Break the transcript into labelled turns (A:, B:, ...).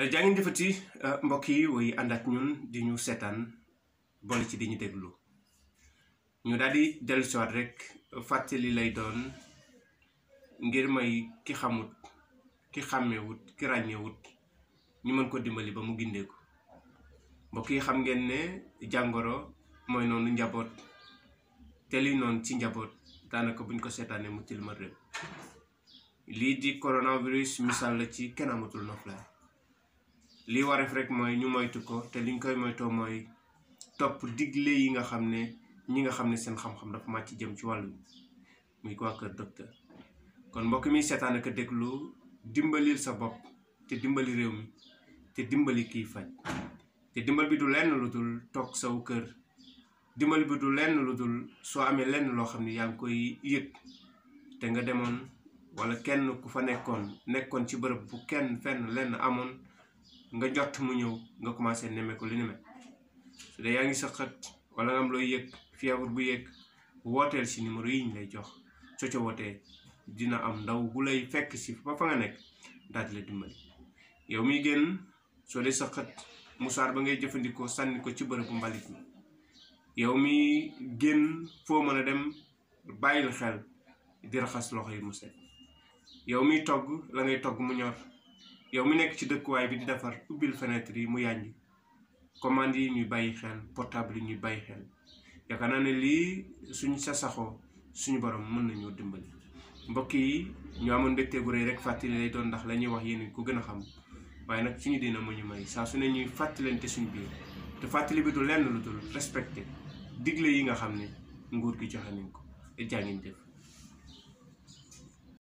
A: Eh, jaa ngeen jëfati eh, mbokk yi woy ànd ñun di ñu seetaan boole ci di ñu déglu ñu daldi di dellu rek fàttali lay doon ngir may ki xamut ki xàmmewut ki ràññewut ñu mën ko dimbali ba mu gindeeku mbokk yi xam ngeen ne jàngoro mooy noonu njaboot te li noonu ci njaboot daanaka buñ ko seetaanee mu tilma réew lii di coronavirus misaal la ci kenn amatul noflaay lii wareef rek mooy ñu moytu ko te liñ koy moytoo mooy topp digle yi nga xam ne ñi nga xam ne seen xam-xam dafa màcc jëm ci wàllu muy waa kër docteur kon mbokk mi seetaan ak déglu dimbalil sa bopp te dimbali réew mi te dimbali kiy faj te dimbal bi du lenn lu toog saw kër dimbali bi du lenn lu dul soo amee lenn loo xam ne yaa ngi koy yëg te nga demoon wala kenn ku fa nekkoon nekkoon ci bërëb bu kenn fenn lenn amoon nga jot mu ñëw nga commencé nemmeeku li ni mel su dee yaa ngi sëqat wala nga am looy yëg fièvre bu yëg wooteel si numéro yi ñu lay jox soo ca wootee dina am ndaw bu lay fekk si fa fa nga nekk daal di la dimbali. yow miy génn soo dee sëqat musaar ba ngay jëfandikoo sànni ko ci bërëbu mbalit mi yow mi génn foo mën a dem bàyyil xel di raxas loxo yi mu set yow miy togg la ngay togg mu ñor. yow mu nekk ci dëkkuwaay bi di defar ubbil fenêtre yi mu yànji commande yi ñuy bàyyi xel portable yi ñuy bàyyi xel yaakaar naa ne lii suñ sa saxoo suñu borom mën nañoo dimbali mbokk yi ñu amoon mbégte gu rëy rek fàttali lay doon ndax la ñuy wax yéen ko gën a xam waaye nag suñu dina ma ñu may saa su ne ñuy fàttalante suñu biir te fàttali bi du lenn lu dul respecté digle yi nga xam ne nguur gi joxe nañ ko jaa ngeen def